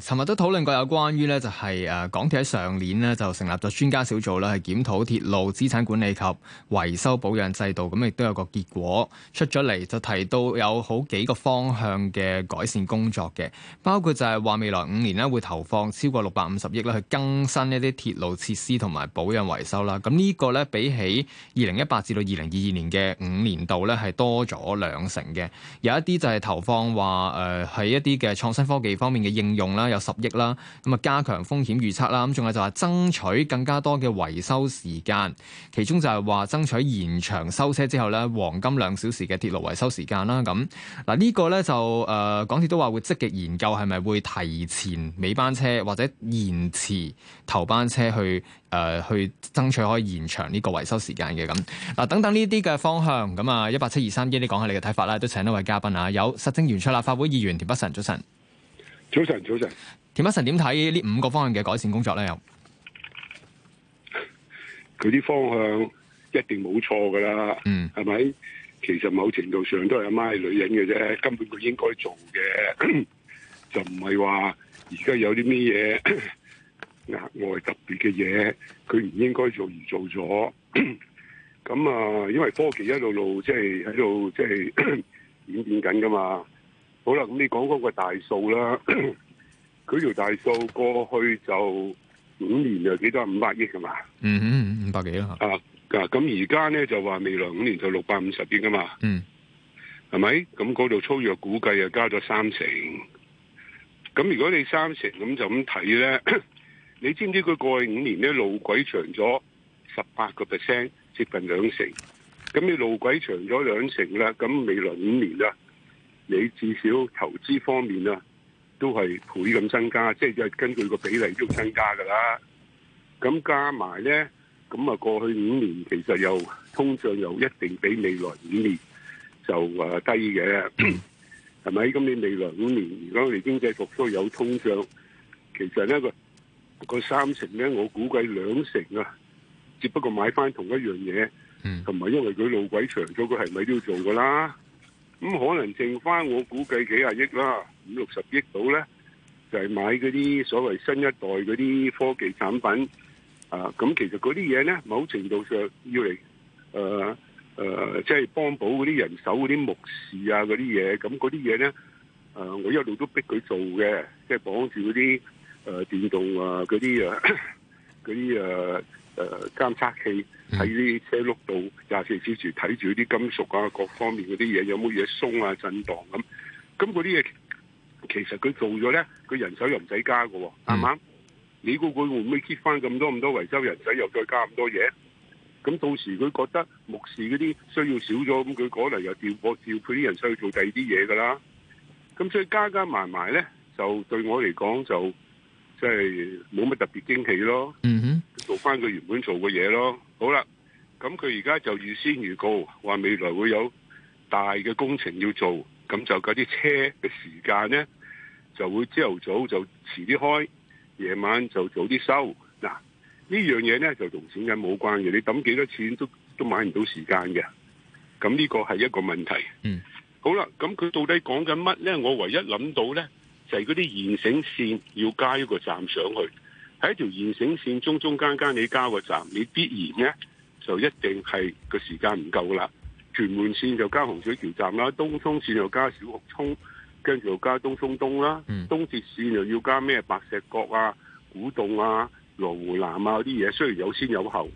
尋日都討論過有關於咧，就係誒港鐵喺上年呢就成立咗專家小組啦，係檢討鐵路資產管理及維修保養制度，咁亦都有個結果出咗嚟，就提到有好幾個方向嘅改善工作嘅，包括就係話未來五年呢會投放超過六百五十億咧去更新一啲鐵路設施同埋保養維修啦。咁呢個咧比起二零一八至到二零二二年嘅五年度咧係多咗兩成嘅，有一啲就係投放話誒喺一啲嘅創新科技方面嘅應用啦。有十億啦，咁啊加強風險預測啦，咁仲有就話爭取更加多嘅維修時間，其中就係話爭取延長收車之後咧黃金兩小時嘅鐵路維修時間啦。咁嗱呢個咧就誒、呃，港鐵都話會積極研究係咪會提前尾班車或者延遲頭班車去誒、呃、去爭取可以延長呢個維修時間嘅，咁嗱，等等呢啲嘅方向咁啊，一八七二三一，1, 你講下你嘅睇法啦，都請一位嘉賓啊，有實政圓桌立法會議員田北辰，早晨。早晨，早晨，田北辰點睇呢五個方向嘅改善工作咧？又佢啲方向一定冇錯噶啦，嗯，係咪？其實某程度上都係阿媽係女人嘅啫，根本佢應該做嘅， 就唔係話而家有啲咩嘢額外特別嘅嘢，佢唔應該做而做咗。咁 啊，因為科技一路路即係喺度即係演變緊噶嘛。好啦，咁你講嗰個大數啦，佢條 大數過去就五年就幾多五百億噶嘛？嗯哼，五百幾啊？啊，咁而家咧就話未來五年就六百五十億噶嘛？嗯，係咪？咁嗰度粗略估計又加咗三成，咁如果你三成咁就咁睇咧，你知唔知佢過去五年咧路軌長咗十八個 percent，接近兩成，咁你路軌長咗兩成呢？咁未來五年呢？你至少投資方面啊，都係倍咁增加，即係根據個比例都增加噶啦。咁加埋咧，咁啊過去五年其實又通脹又一定比未來五年就低嘅，係咪、嗯？咁你未來五年如果你經濟復甦有通脹，其實呢個三成咧，我估計兩成啊，只不過買翻同一樣嘢，同埋因為佢路軌長咗，佢係咪都要做噶啦？咁可能剩翻，我估計幾廿億啦，五六十億到咧，就係買嗰啲所謂新一代嗰啲科技產品啊！咁其實嗰啲嘢咧，某程度上要嚟誒誒，即係幫補嗰啲人手嗰啲牧師啊嗰啲嘢，咁嗰啲嘢咧誒，我一路都逼佢做嘅，即係綁住嗰啲誒電動啊嗰啲啊嗰啲誒。誒，監測器喺啲車轆度廿四小時睇住啲金屬啊，各方面嗰啲嘢有冇嘢鬆啊、震盪咁，咁嗰啲嘢其實佢做咗咧，佢人手又唔使加嘅。哦，啱啱、嗯。你估佢會唔會 keep 翻，咁多咁多維修人手又再加咁多嘢？咁到時佢覺得目視嗰啲需要少咗，咁佢可能又調過調配啲人出去做第二啲嘢噶啦。咁所以加加埋埋咧，就對我嚟講就即係冇乜特別驚喜咯。嗯哼做翻佢原本做嘅嘢咯，好啦，咁佢而家就預先預告，話未來會有大嘅工程要做，咁就嗰啲車嘅時間呢，就會朝頭早就遲啲開，夜晚就早啲收。嗱，呢樣嘢呢，就同錢銀冇關嘅，你揼幾多錢都都買唔到時間嘅。咁呢個係一個問題。嗯，好啦，咁佢到底講緊乜呢？我唯一諗到呢，就係嗰啲現成線要加一個站上去。喺一條現成線中中間間你加個站，你必然呢就一定係個時間唔夠啦。屯門線就加洪水橋站啦，東涌線又加小屋涌，跟住又加東涌東啦，東鐵、嗯、線又要加咩白石角啊、古洞啊、羅湖南啊嗰啲嘢，雖然有先有後，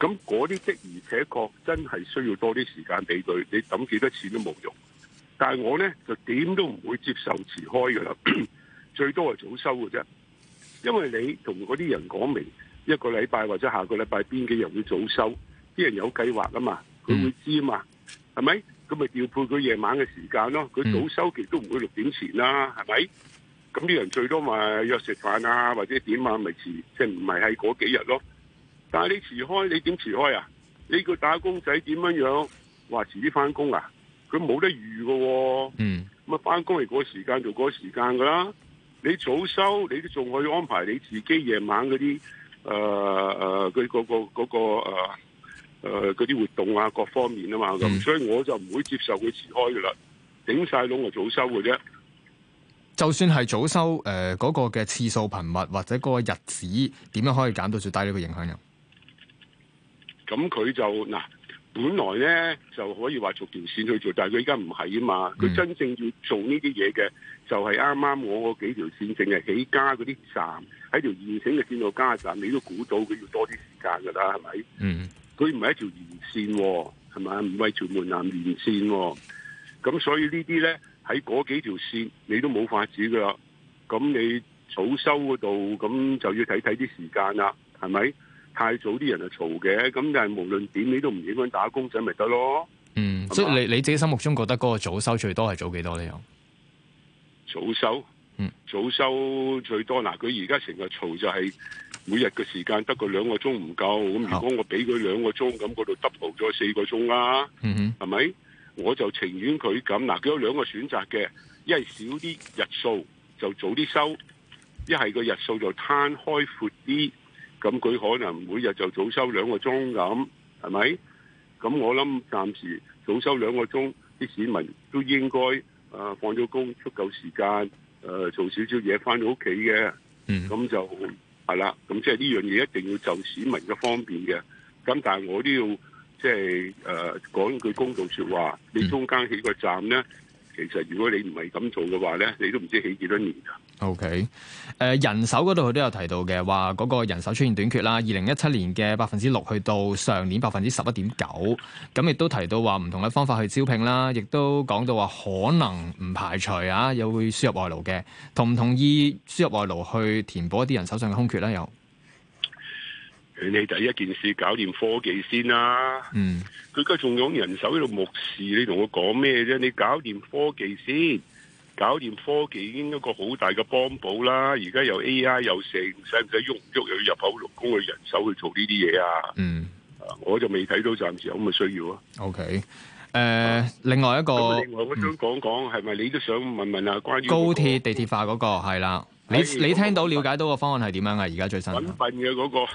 咁嗰啲的而且確真係需要多啲時間俾佢，你抌幾多錢都冇用。但係我呢就點都唔會接受遲開噶啦，最多係早收嘅啫。因為你同嗰啲人講明一個禮拜或者下個禮拜邊幾日會早收，啲人有計劃啊嘛，佢會知啊嘛，係咪、嗯？咁咪調配佢夜晚嘅時間咯。佢早收極都唔會六點前啦，係咪？咁啲人最多咪約食飯啊或者點啊，咪遲，即係唔係係嗰幾日咯。但係你遲開你點遲開啊？你個打工仔點樣樣？話遲啲翻工啊？佢冇得預噶喎。嗯。咁啊，翻工係嗰時間做嗰時間噶啦。你早收，你都仲可以安排你自己夜晚嗰啲誒誒嗰個嗰、嗰個誒、嗰個誒啲、呃嗰個、活動啊，各方面啊嘛咁，嗯、所以我就唔會接受佢遲開嘅啦，頂晒籠就早收嘅啫。就算係早收誒嗰、呃嗰個嘅次數頻密或者嗰個日子，點樣可以減到最低呢個影響呢？咁佢就嗱。本來咧就可以話逐條線去做，但佢依家唔係啊嘛。佢真正要做呢啲嘢嘅，就係啱啱我嗰幾條線淨係起家嗰啲站喺條現成嘅線度加站，你都估到佢要多啲時間㗎啦，係咪？嗯，佢唔係一條延線喎，係咪？唔係屯門南延線喎，咁所以呢啲咧喺嗰幾條線你都冇法子㗎。咁你早收嗰度，咁就要睇睇啲時間啦，係咪？太早啲人就嘈嘅，咁但係無論點你都唔影響打工仔咪得咯。嗯，即係你你自己心目中覺得嗰個早收最多係早幾多呢？有早收，嗯，早收最多嗱。佢而家成日嘈就係每日嘅時間得個兩個鐘唔夠，咁好如果我俾佢兩個鐘，咁嗰度 double 咗四個鐘啦。嗯哼、嗯，係咪？我就情願佢咁嗱，佢、啊、有兩個選擇嘅，一係少啲日數就早啲收，一係個日數就攤開闊啲。咁佢可能每日就早收兩個鐘咁，係咪？咁我諗暫時早收兩個鐘，啲市民都應該、呃、放咗工，足夠時間、呃、做少少嘢，翻到屋企嘅。嗯，咁就係啦。咁即係呢樣嘢一定要就市民嘅方便嘅。咁但係我都要即係、即係呃、講句公道說話，你中間起個站咧，其實如果你唔係咁做嘅話咧，你都唔知起幾多年㗎。O K，誒，人手嗰度佢都有提到嘅，話嗰個人手出現短缺啦，二零一七年嘅百分之六，去到上年百分之十一點九，咁亦都提到話唔同嘅方法去招聘啦，亦都講到話可能唔排除啊，又會輸入外勞嘅，同唔同意輸入外勞去填補一啲人手上嘅空缺咧？啊，又你第一件事搞掂科技先啦，嗯，佢而家仲用人手喺度目視，你同我講咩啫？你搞掂科技先。搞掂科技已經有一個好大嘅幫補啦，而家又 A I 又成，使唔使喐喐又要入口勞工去人手去做呢啲嘢啊？嗯，我就未睇到暫時有咁嘅需要啊。O K，誒，另外一個，另外我想講講係咪你都想問問啊、那個？關於高鐵地鐵化嗰、那個係啦，你、嗯、你聽到了解到個方案係點樣啊？而家、那個、最新搵笨嘅、那個，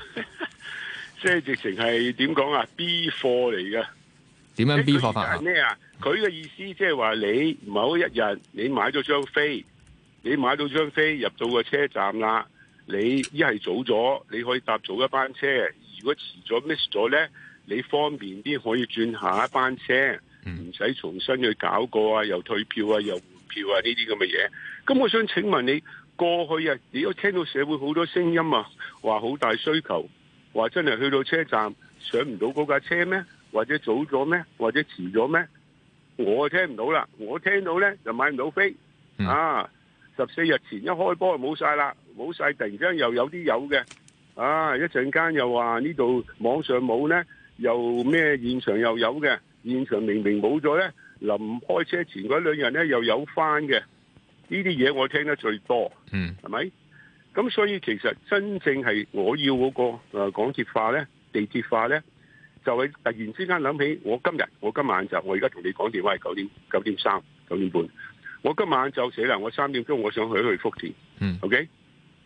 即係直情係點講啊？B 貨嚟嘅。點樣 B 貨法啊？佢嘅意思即係話你某一日你買咗張飛，你買到張飛入到個車站啦。你一係早咗，你可以搭早一班車；如果遲咗 miss 咗呢，你方便啲可以轉下一班車，唔使重新去搞過啊，又退票啊，又換票啊呢啲咁嘅嘢。咁我想請問你過去啊，你都聽到社會好多聲音啊，話好大需求，話真係去到車站上唔到嗰架車咩？或者早咗咩？或者遲咗咩？我聽唔到啦，我聽到呢就買唔到飛。嗯、啊，十四日前一開波就冇晒啦，冇晒，突然之間又有啲有嘅。啊，一陣間又話呢度網上冇呢，又咩現場又有嘅，現場明明冇咗呢，臨開車前嗰兩日呢又有翻嘅。呢啲嘢我聽得最多，嗯，係咪？咁所以其實真正係我要嗰個誒港鐵化呢、地鐵化呢。就係突然之間諗起，我今日我今晚就我而家同你講電話係九點九點三九點半。我今晚就死啦，我三點鐘我想去去福田，嗯，OK。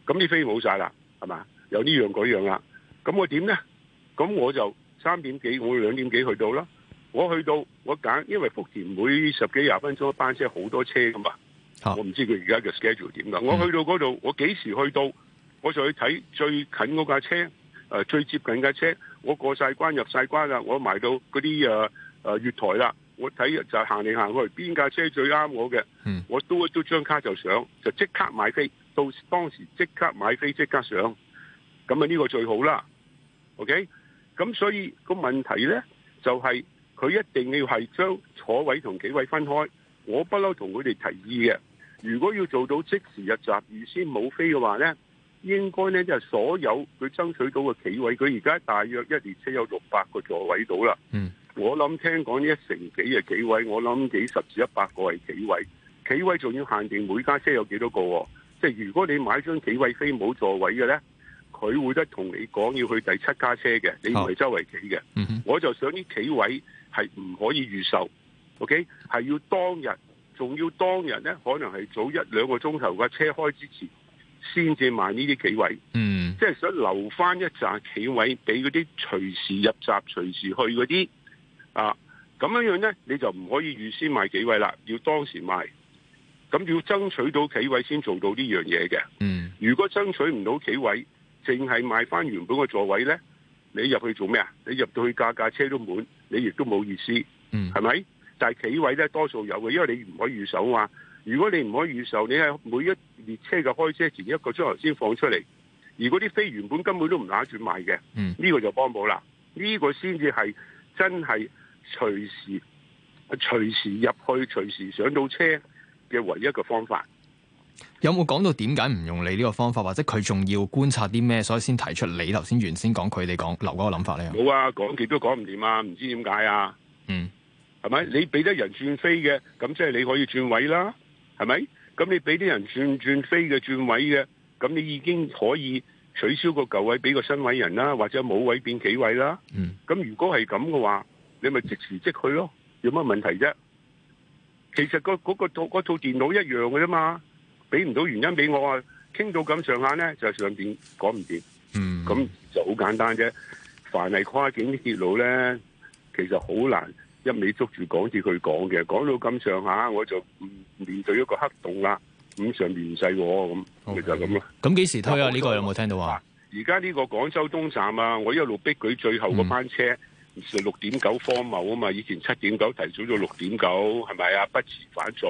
咁啲飛冇晒啦，係嘛？有樣樣樣呢樣嗰樣啦。咁我點咧？咁我就三點幾，我兩點幾去到啦。我去到，我揀，因為福田每十幾廿分鐘一班車，好多車㗎嘛。啊、我唔知佢而家嘅 schedule 點㗎。嗯、我去到嗰度，我幾時去到，我就去睇最近嗰架車、呃，最接近架車。我過曬關入曬關啦，我埋到嗰啲誒月台啦，我睇就係行嚟行去，邊架車最啱我嘅，我都都張卡就上，就即刻買飛，到當時即刻買飛即刻上，咁啊呢個最好啦，OK？咁所以個問題呢，就係、是、佢一定要係將坐位同幾位分開，我不嬲同佢哋提議嘅，如果要做到即時入閘預先冇飛嘅話呢。應該呢，就係所有佢爭取到嘅企位，佢而家大約一列車有六百個座位到啦。Mm. 我我諗聽講一成幾嘅企位，我諗幾十至一百個係企位。企位仲要限定每架車有幾多個、啊，即係如果你買張企位飛冇座位嘅呢，佢會得同你講要去第七架車嘅，你唔係周圍企嘅。Mm hmm. 我就想呢，企位係唔可以預售，OK？係要當日，仲要當日呢，可能係早一兩個鐘頭嘅車開之前。先至賣呢啲企位，嗯，即係想留翻一紮企位俾嗰啲隨時入閘、隨時去嗰啲，啊，咁樣樣咧，你就唔可以預先賣企位啦，要當時賣，咁要爭取到企位先做到呢樣嘢嘅，嗯，如果爭取唔到企位，淨係賣翻原本個座位咧，你入去做咩啊？你入到去架架車都滿，你亦都冇意思，嗯，係咪？但係企位咧多數有嘅，因為你唔可以預手啊嘛。如果你唔可以預售，你喺每一列車嘅開車前一個鐘頭先放出嚟。而嗰啲飛原本根本都唔打算買嘅，呢、嗯、個就幫補啦。呢、這個先至係真係隨時、隨時入去、隨時上到車嘅唯一嘅方法。有冇講到點解唔用你呢個方法，或者佢仲要觀察啲咩，所以先提出你頭先原先講佢哋講留嗰個諗法咧？冇啊，講極都講唔掂啊，唔知點解啊？嗯，係咪你俾得人轉飛嘅，咁即係你可以轉位啦？係咪？咁你俾啲人轉轉飛嘅，轉位嘅，咁你已經可以取消個舊位，俾個新位人啦，或者冇位變企位啦。嗯，咁如果係咁嘅話，你咪即時即去咯，有乜問題啫？其實、嗰個嗰套嗰套電腦一樣嘅啫嘛，俾唔到原因俾我啊！傾到咁上下咧，就係、上邊講唔掂。嗯，咁就好簡單啫。凡係跨境啲鐵路咧，其實好難。一味捉住講住佢講嘅，講到咁上下，我就面對一個黑洞啦。咁上面唔使咁，其實咁咯。咁幾 Okay.、嗯、時推啊？呢個有冇聽到啊？而家呢個廣州東站啊，我一路逼佢最後個班車，六點九荒謬啊嘛。以前七點九提早咗六點九，係咪啊？不遲反早，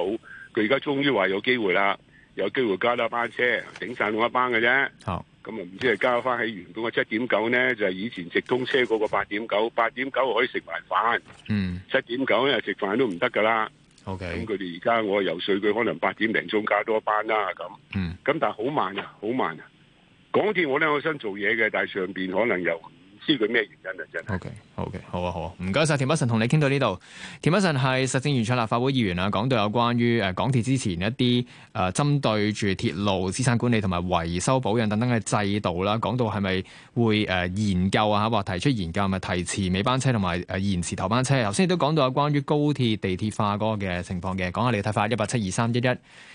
佢而家終於話有機會啦，有機會加多班車，頂晒我一班嘅啫。咁啊，唔、嗯嗯、知係交翻喺原本嘅七點九呢，就係以前直通車嗰個八點九，八點九可以食埋飯，呢飯 Okay. 嗯。嗯，七點九又食飯都唔得噶啦。OK，咁佢哋而家我遊說，佢可能八點零鐘加多一班啦。咁，嗯，咁但係好慢啊，好慢啊！港鐵我咧，我想做嘢嘅，但係上面可能有。知佢咩原因啊？真係。O K，好嘅，okay, okay, 好啊，好啊，唔該晒，田北辰同你傾到呢度。田北辰係實政圓桌立法會議員啊，講到有關於誒港鐵之前一啲誒針對住鐵路資產管理同埋維修保養等等嘅制度啦，講到係咪會誒、呃、研究啊，吓或者提出研究，咪提遲尾班車同埋誒延遲頭班車。頭先亦都講到有關於高鐵、地鐵化嗰個嘅情況嘅，講下你睇法。一八七二三一一。